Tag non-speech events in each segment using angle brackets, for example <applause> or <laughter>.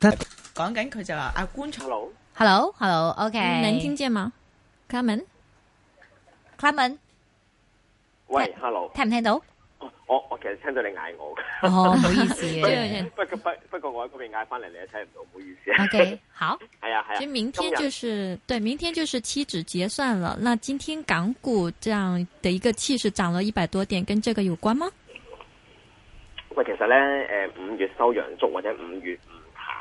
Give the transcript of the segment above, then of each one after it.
.講緊佢就話阿官長。啊、Hello，Hello，Hello，OK，、okay. 能聽見嗎？Clarence，Clarence，喂，Hello，聽唔聽到？我我其實聽到你嗌我，唔好意思。不不過我喺嗰邊嗌翻嚟，你都聽唔到，唔好意思啊。OK， <laughs> 好，係啊係啊。其實明天就是日對，明天就是期指結算了。那今天港股這樣的一個氣勢漲了一百多點，跟這個有關嗎？喂，其實咧，誒、呃，五月收陽燭或者五月。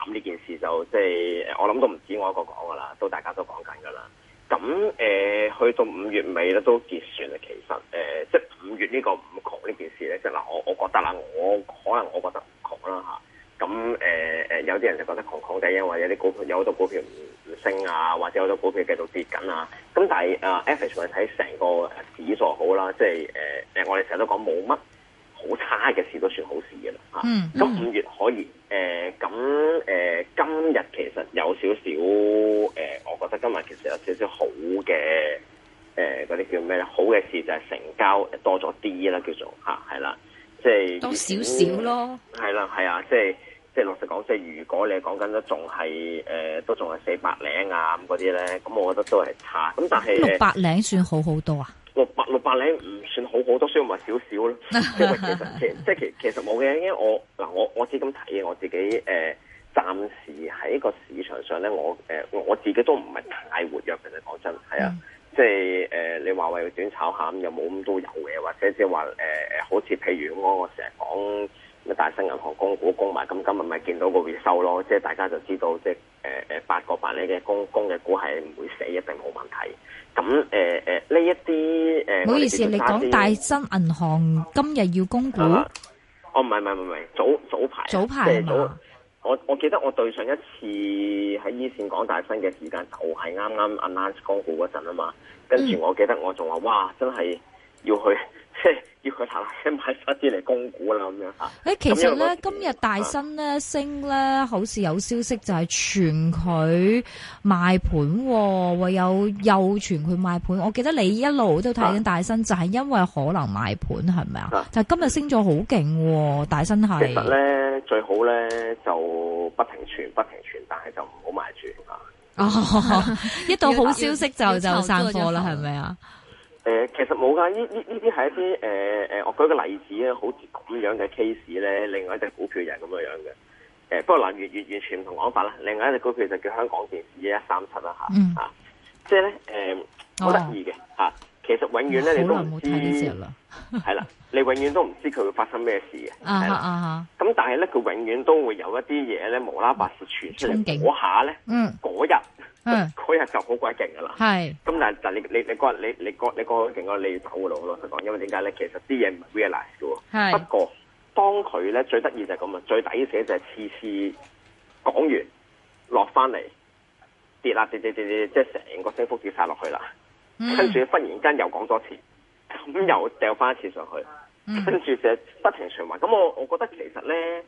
咁呢件事就即係、就是、我諗都唔止我一個講噶啦，都大家都講緊噶啦。咁誒、呃，去到五月尾咧都結算啦。其實誒，即係五月呢個五窮呢件事咧，即係嗱，我我覺得啦，我可能我覺得唔窮啦吓。咁誒誒，有啲人就覺得窮窮哋，因為有啲股票有好多股票唔升啊，或者好多股票繼續跌緊啊。咁但係誒 average 睇，成個指數好啦，即係誒誒，我哋成日都講冇乜。嘅事都算好事嘅啦嚇，咁五、嗯嗯、月可以誒，咁、呃、誒、呃呃呃、今日其實有少少誒，我覺得今日其實有少少好嘅誒，嗰、呃、啲叫咩咧？好嘅事就係成交多咗啲啦，叫做嚇，係、啊、啦，即係多少少咯，係啦果，係啊，即係即係，即老實講，即係如果你講緊都仲係誒，都仲係四百零啊咁嗰啲咧，咁我覺得都係差，咁但係六百零算好好多啊。六百六百咧唔算好好多，需要咪少少咯。因為其實其即係其其實冇嘅，因為我嗱，我我只咁睇嘅，我自己誒、呃、暫時喺個市場上咧，我誒、呃、我自己都唔係太活躍嘅。其實講真係啊，即係誒你話為短炒下咁又冇咁多油嘅，或者即係話誒誒好似譬如我成日講大新銀行供股供埋，咁今日咪見到個回收咯。即係大家就知道即係誒誒八個百咧嘅供供嘅股係唔會死，一定冇問題。咁誒誒呢一啲。呃呃唔好意思，你講大新銀行今日要供股，嗯？哦，唔係唔係唔係，早早排，即係早，早，我我記得我對上一次喺一、e、線講大新嘅時間，就係、是、啱啱 announce 供股嗰陣啊嘛，跟住我記得我仲話，哇，真係要去。 <laughs> 要佢行起買翻啲嚟供股啦，咁樣。誒，其實咧今日大新咧升咧，好似有消息就係傳佢賣盤喎，有又傳佢賣盤。我記得你一路都睇緊大新，就係因為可能賣盤係咪啊？但今日升咗好勁，大新係。其實咧，最好咧就不停傳不停傳，但係就唔好賣傳啊。一到好消息就就散貨啦，係咪啊？誒、呃，其實冇噶，呢呢呢啲係一啲誒誒，我舉個例子啊，好似咁樣嘅 case 咧，另外一隻股票又係咁樣嘅。誒，不過南粵粵完全唔同講法啦。另外一隻股票就叫香港電視一一三七啦，吓、啊、吓，即係咧，誒，好得意嘅吓。其實永遠咧，你都唔知，係啦、啊， <laughs> 你永遠都唔知佢會發生咩事嘅。咁、啊啊、但係咧，佢永遠都會有一啲嘢咧，無啦啦是傳出嚟嗰怯下咧，嗯。就好鬼勁噶啦，係咁是但係就你你你覺你你覺你覺佢勁嘅，你要走路咯。老實講，因為點解咧？其實啲嘢唔係 realize 嘅。係是不過當佢咧，最得意就係咁啊，最抵死就係次次講完落翻嚟跌啦，跌跌跌跌，即係成個升幅跌晒落去啦。嗯，跟住忽然間又講多次，咁又掉翻一次上去，跟住、嗯、就不停循環。咁我我覺得其實咧。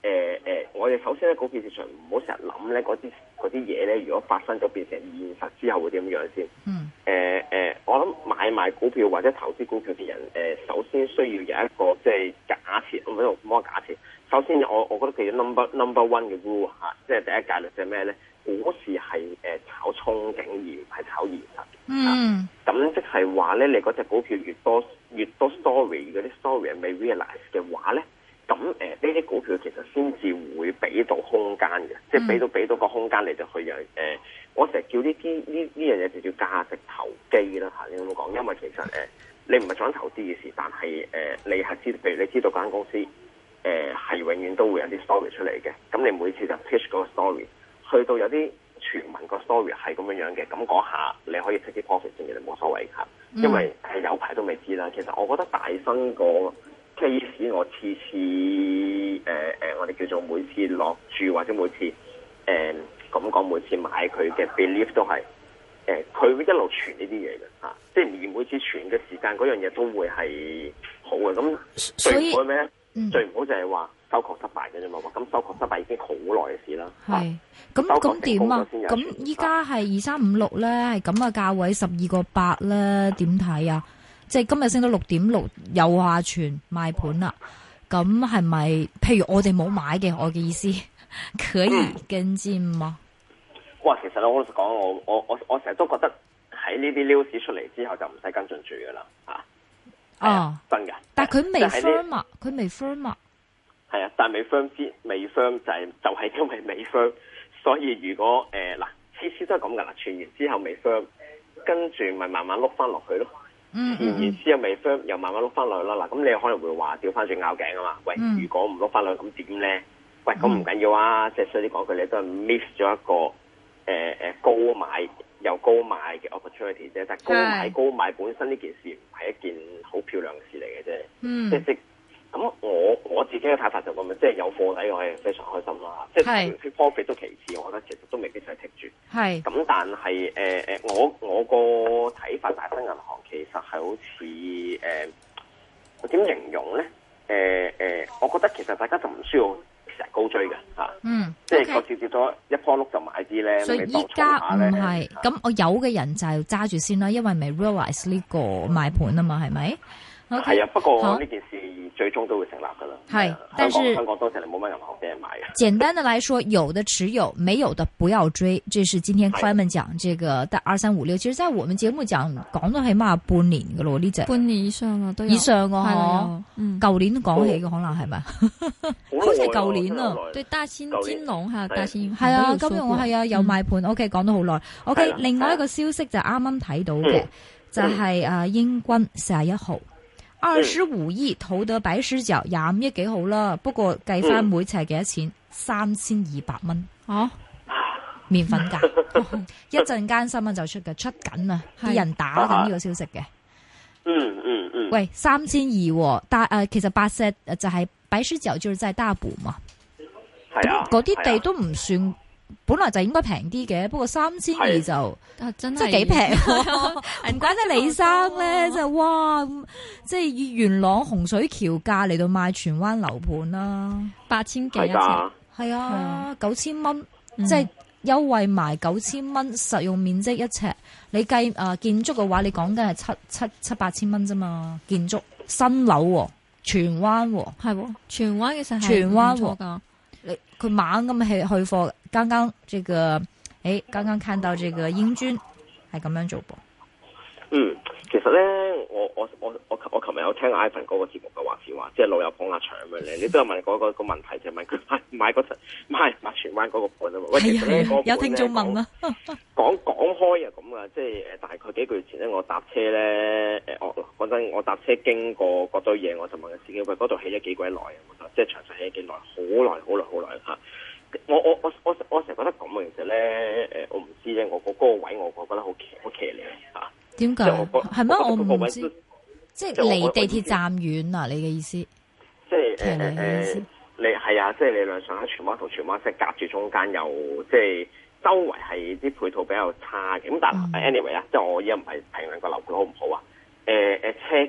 誒誒、呃呃，我哋首先咧，股票市場唔好成日諗咧，嗰啲啲嘢咧，如果發生咗變成現實之後會點樣先？嗯。誒誒、呃呃，我諗買賣股票或者投資股票嘅人，誒、呃，首先需要有一個即係、就是、假設，唔好唔好假設。首先我，我我覺得其實 number number one 嘅 rule 吓、啊，即係第一戒律就係咩咧？股市係誒、呃、炒憧憬而唔係炒現實。啊、嗯。咁即係話咧，你嗰隻股票越多越多 story，嗰啲 story 未 realize 嘅話咧？咁呢啲股票其實先至會俾到空間嘅，嗯、即係俾到俾到個空間，你就去有、呃、我成日叫呢啲呢呢樣嘢就叫價值投機啦吓，你有冇講？因為其實、呃、你唔係想投資嘅事，但係、呃、你係知，譬如你知道間公司係、呃、永遠都會有啲 story 出嚟嘅。咁你每次就 pitch 嗰個 story，去到有啲傳聞個 story 係咁樣樣嘅，咁嗰下你可以 take 啲 profit 先嘅，冇所謂嚇。因為係、嗯呃、有排都未知啦。其實我覺得大新個。即使我次次誒誒，我哋叫做每次落注或者每次誒咁講，每次買佢嘅 belief 都係誒，佢、呃、會一路傳呢啲嘢嘅吓，即係每每次傳嘅時間，嗰樣嘢都會係好嘅。咁所以，咩最唔好就係話收購失敗嘅啫嘛。咁、嗯、收購失敗已經好耐嘅事啦。係咁咁點啊？咁依家係二三五六咧，係咁嘅價位十二個八咧，點睇啊？即係今日升到六點六，又下傳賣盤啦，咁係咪？譬如我哋冇買嘅，我嘅意思可以跟進嘛。哇，其實我老實講，我我我我成日都覺得喺呢啲 news 出嚟之後就唔使跟進住噶啦，吓、啊、哦、啊啊，真噶，但係佢未 firm 啊，佢未 firm 啊，係啊，但係未 firm 先未 firm 就係、是、就係、是、因為未 firm，所以如果誒嗱，次、啊、次都係咁噶啦，傳完之後未 firm，跟住咪慢慢碌翻落去咯。嗯嗯嗯然之後咪又，又慢慢碌翻落去啦，嗱，咁你可能會話掉翻轉拗頸啊嘛，喂，如果唔碌翻落去，咁點咧？喂，咁唔緊要啊，即係所以講句你都係 miss 咗一個誒誒、呃、高買又高，高買嘅 opportunity 啫，但係高買高買本身呢件事唔係一件好漂亮嘅事嚟嘅啫，嗯、即係。咁、嗯、我我自己嘅睇法就咁樣，即係有貨底我係非常開心啦，即係係，啲 profit 都其次，我覺得其實都未必須停住。係是。咁但係誒誒，我我個睇法，大新銀行其實係好似誒、呃，我點形容咧？誒、呃、誒、呃，我覺得其實大家就唔需要成日高追嘅吓。嗯。即係個跌接咗一樖碌就買啲咧。所以依家唔係。咁是我有嘅人就係揸住先啦，因為未 realize 呢個賣盤啊嘛，係咪？係啊，不過呢件事最終都會成立噶啦。係，但係香港當時你冇乜任何俾人買嘅。簡單的嚟說，有的持有，沒有的不要追。這是今天開門講這個大二三五六。其實，在我們節目講講到起碼半年噶咯，呢隻半年以上啊，都以上嘅嗬。嗯，舊年講起嘅可能係咪？好似舊年啊，對大新金融吓大係啊，今日我係啊有賣盤。O K，講咗好耐。O K，另外一個消息就啱啱睇到嘅，就係啊英軍四廿一號。二十五億投到白石角，廿五億幾好啦，不過計翻每尺係幾多錢？嗯、三千二百蚊哦，麵粉價，一陣間新聞就出嘅，出緊啊，啲是人打緊呢個消息嘅、啊啊。嗯嗯嗯。嗯喂，三千二、哦，大誒、呃，其實白石就係白石角，就是在大埔嘛。係啊。嗰啲地都唔算。本來就應該平啲嘅，不過三千二就、啊、真係幾平。唔怪得李生咧，就哇，即係以元朗洪水橋價嚟到賣荃灣樓盤啦，八千幾一尺，係的啊九千蚊，即係優惠埋九千蚊，實用面積一尺。你計啊建築嘅話，你講緊係七七七八千蚊啫嘛，建築新樓荃灣係喎，荃灣其實係唔錯噶，你佢、啊啊、猛咁去去貨剛剛這個誒，剛剛看到這個英軍係咁樣做不？嗯，其實咧，我我我我我琴日有聽 Ivan 嗰個節目嘅話是話，即係老友捧下場咁樣咧。你都有問嗰個問題，就問唔係唔係嗰唔係荃灣嗰個盤啫喂，有聽眾問啊 <laughs> 講，講講開啊咁啊，即係大概幾個月前咧，我搭車咧，誒、呃，我講真，我搭車經過嗰堆嘢，我就問佢司機喂，嗰度起咗幾鬼耐啊？即係場上起咗幾耐？好耐，好耐，好耐啊！我我我我我成日覺得咁啊，其實咧，誒，我唔知咧，我個嗰個位我覺得我覺得好騎呢，好騎呢你啊，點解？係咩？我唔知。我個位即係離地鐵站遠啊？你嘅意思？騎呢。你係啊，即係你兩上喺荃灣同荃灣即係隔住中間，又，即係周圍係啲配套比較差嘅。咁但係 anyway 啊，即係我依家唔係評論個樓盤好唔好啊？誒誒，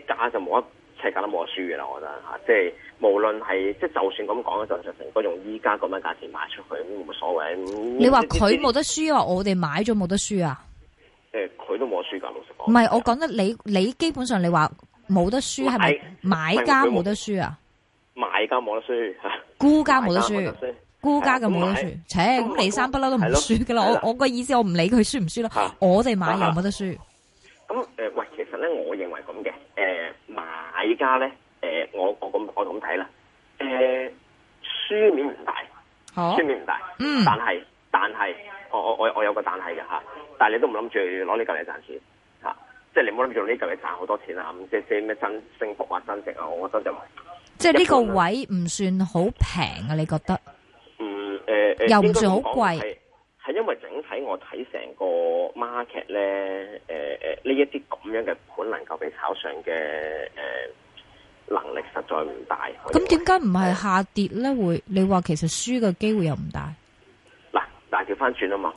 車價就冇乜。係得冇得輸嘅啦，我覺得嚇，即係無論係即係就算咁講，就就成個用依家咁樣價錢賣出去都冇乜所謂。你話佢冇得輸啊，我哋買咗冇得輸啊？即佢都冇得輸噶，老實講。唔係我講得你，你基本上你話冇得輸係咪買家冇得輸啊？買家冇得輸嚇，沽家冇得輸，沽家就冇得輸，切咁你三不嬲都唔輸嘅啦。我我個意思我唔理佢輸唔輸啦，我哋買又冇得輸。咁誒？而家咧，誒，我我咁我咁睇啦，誒，書面唔大，書面唔大，嗯，但係但係，我我我我有個但係嘅嚇，但係你都唔諗住攞呢嚿嚟賺錢嚇，即係你冇諗住用呢嚿嚟賺好多錢啊，唔即係咩升升幅或增值啊，我覺得就即係呢個位唔算好平啊，你覺得？嗯誒，呃呃、又唔算好貴。係因為整體我睇成個 market 咧，誒、呃、誒，呢一啲咁樣嘅盤能夠俾炒上嘅誒、呃、能力實在唔大。咁點解唔係下跌咧？會、嗯、你話其實輸嘅機會又唔大？嗱、啊，但調翻轉啊嘛，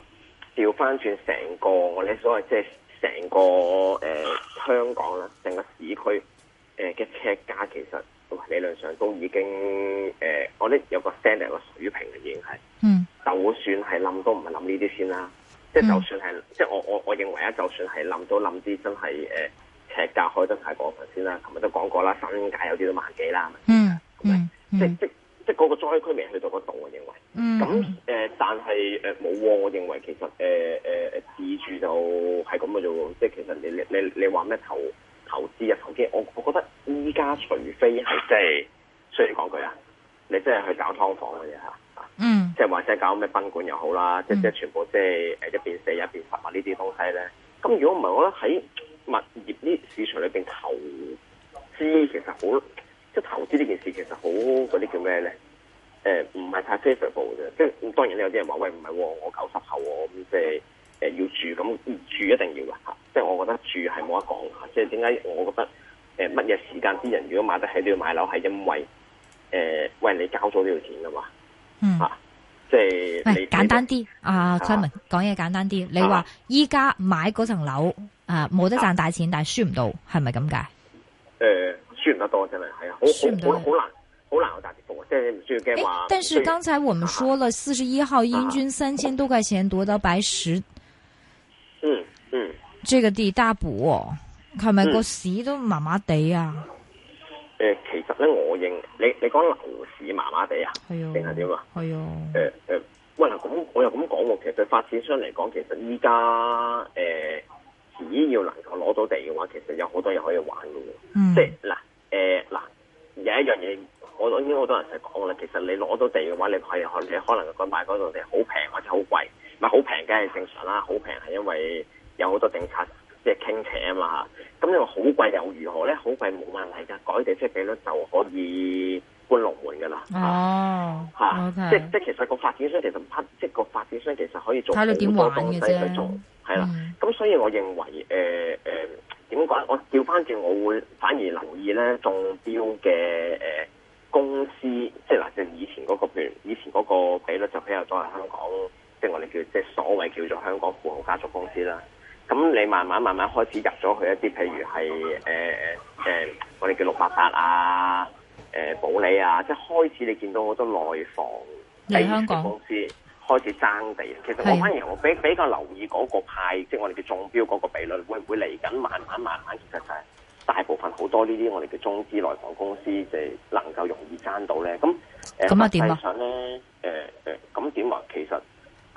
調翻轉成個我哋所謂即係成個誒香港啦，成、呃、個市區誒嘅車價，其實理論上都已經誒、呃，我覺得有個 stand 嘅水平已經係嗯。就算係冧都唔係諗呢啲先啦，即、就、係、是、就算係，嗯、即係我我我認為啊，就算係冧都諗啲真係誒、呃，尺價開得太過分先啦。琴日都講過啦，新界有啲都萬幾啦。嗯嗯，是是嗯即即即嗰即個災區未去到嗰度，我認為。咁誒、嗯呃，但係誒冇喎，我認為其實誒誒誒自住就係咁嘅啫喎。即係其實你你你你話咩投投資啊、投資，我我覺得依家除非係即係，雖然講句啊，你真係去搞劏房嘅啫。嚇。即係或者搞咩賓館又好啦，即係即係全部即係誒一邊寫一邊發發呢啲東西咧。咁如果唔係，我覺得喺物業呢市場裏邊投資其實好，即係投資呢件事其實好嗰啲叫咩咧？誒唔係太 favorable 嘅。即係當然有啲人話喂，唔係喎，我九十後喎，咁即係誒要住咁住一定要嘅嚇。即係我覺得住係冇得講嘅嚇。即係點解我覺得誒乜嘢時間啲人如果買得起都要買樓係因為誒喂你交咗呢條錢嘅嘛嚇。嗯即係唔係簡單啲啊？Clement 講嘢簡單啲，你話依家買嗰層樓啊，冇得賺大錢，但係輸唔到，係咪咁解？誒，輸唔得多真係，係啊，好好難，好難有大跌幅即係唔需要驚話。但是剛才我們說了，四十一號英軍三千多塊錢奪到白十嗯嗯。這個地大補，係咪個市都麻麻地啊。誒，其實咧我認你你講樓市麻麻地啊，定係點啊？係啊、呃。誒、呃、誒，喂嗱，咁我又咁講喎。其實對發展商嚟講，其實依家誒，只要能夠攞到地嘅話，其實有好多嘢可以玩嘅。嗯。即係嗱，誒嗱、呃，有一樣嘢，我我已經好多人成講啦。其實你攞到地嘅話，你係可以你可能佢買嗰度地好平或者好貴，唔係好平梗係正常啦。好平係因為有好多政策。即係傾斜啊嘛，咁你話好貴又如何咧？好貴冇問題噶，改地即係比率就可以搬龍門噶啦。哦，吓，即係即係其實個發展商其實唔差，即係個發展商其實可以做好多東西去做。係啦，咁的、嗯嗯、所以我認為誒誒、點、呃、講、呃？我調翻轉我會反而留意咧中標嘅誒、呃、公司，即係嗱，就是、以前嗰個比率，譬如以前嗰個比率就比較多係香港，即係、嗯、我哋叫即係所謂叫做香港富豪家族公司啦。嗯咁你慢慢慢慢開始入咗去一啲，譬如係誒、呃呃、我哋叫六八八啊，誒保理啊，即係開始你見到好多內房喺香港公司開始爭地。其實我反而我比比較留意嗰個派，的即係我哋叫中標嗰個比率會會，會唔會嚟緊慢慢慢慢，其實就係大部分好多呢啲我哋嘅中資內房公司，即係能夠容易爭到咧。咁咁啊點咯？誒誒、嗯，咁點話其實？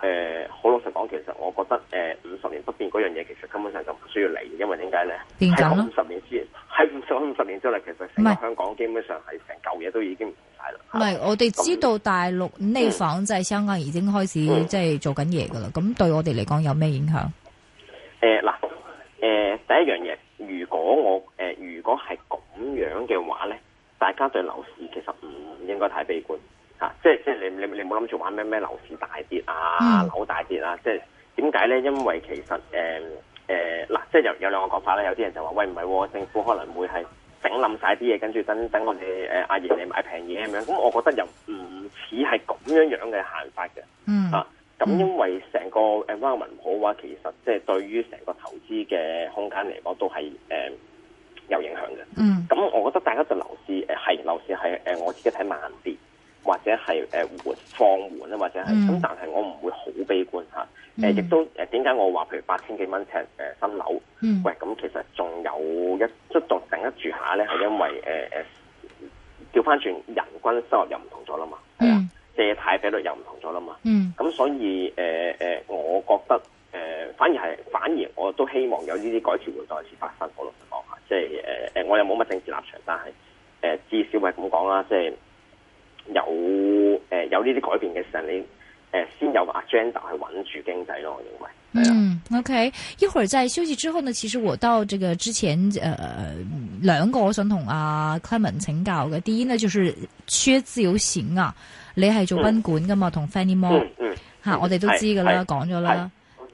誒，好、呃、老實講，其實我覺得誒五十年不變嗰樣嘢，其實根本上就唔需要嚟，因為點解咧？變緊喺五十年之，喺五十五十年之後，年之後，其實成個香港基本上係成嚿嘢都已經唔同曬啦。唔係是，是我哋知道大陸呢房就係香港已經開始即係、嗯、做緊嘢噶啦。咁對我哋嚟講有咩影響？誒嗱、呃，誒、呃、第一樣嘢，如果我誒、呃、如果係咁樣嘅話咧，大家對樓市其實唔應該太悲觀。啊！即係即係你你你冇諗住玩咩咩樓市大跌啊、樓大跌啊！即係點解咧？因為其實誒誒嗱，即係又有兩個講法咧。有啲人就話喂唔係喎，政府可能會係整冧晒啲嘢，跟住等等我哋誒阿爺嚟買平嘢咁樣。咁我覺得又唔似係咁樣樣嘅行法嘅。嗯。Mm. 啊，咁因為成個誒 environment 唔好嘅話，其實即係對於成個投資嘅空間嚟講，都係誒、呃、有影響嘅。嗯、mm. 啊。咁我覺得大家就樓市誒係樓市係誒、呃，我自己睇慢啲。或者係誒、呃、緩放緩啊，或者係咁，mm. 但係我唔會好悲觀嚇。亦、呃 mm. 都誒點解我話譬如八千幾蚊尺誒新樓，mm. 喂咁、嗯、其實仲有一即係仲頂得住下咧，係因為誒誒，調翻轉人均收入又唔同咗啦嘛，係、mm. 啊，借貸比率又唔同咗啦嘛，mm. 嗯，咁所以誒、呃、我覺得誒、呃、反而係反而我都希望有呢啲改善會再次發生。我老實講即係誒我又冇乜政治立場，但係、呃、至少係咁講啦，即、就、係、是。有誒、呃、有呢啲改變嘅時候，你誒、呃、先有 agenda 去穩住經濟咯，我認為。嗯、啊，OK，一會兒在休息之後呢，其實我到這個之前，呃、兩個我想同阿、啊、Clement 請教嘅，第一呢就是缺自由行啊，你係做賓館噶嘛，同 Fanny Moore，嚇我哋都知噶啦，講咗啦。了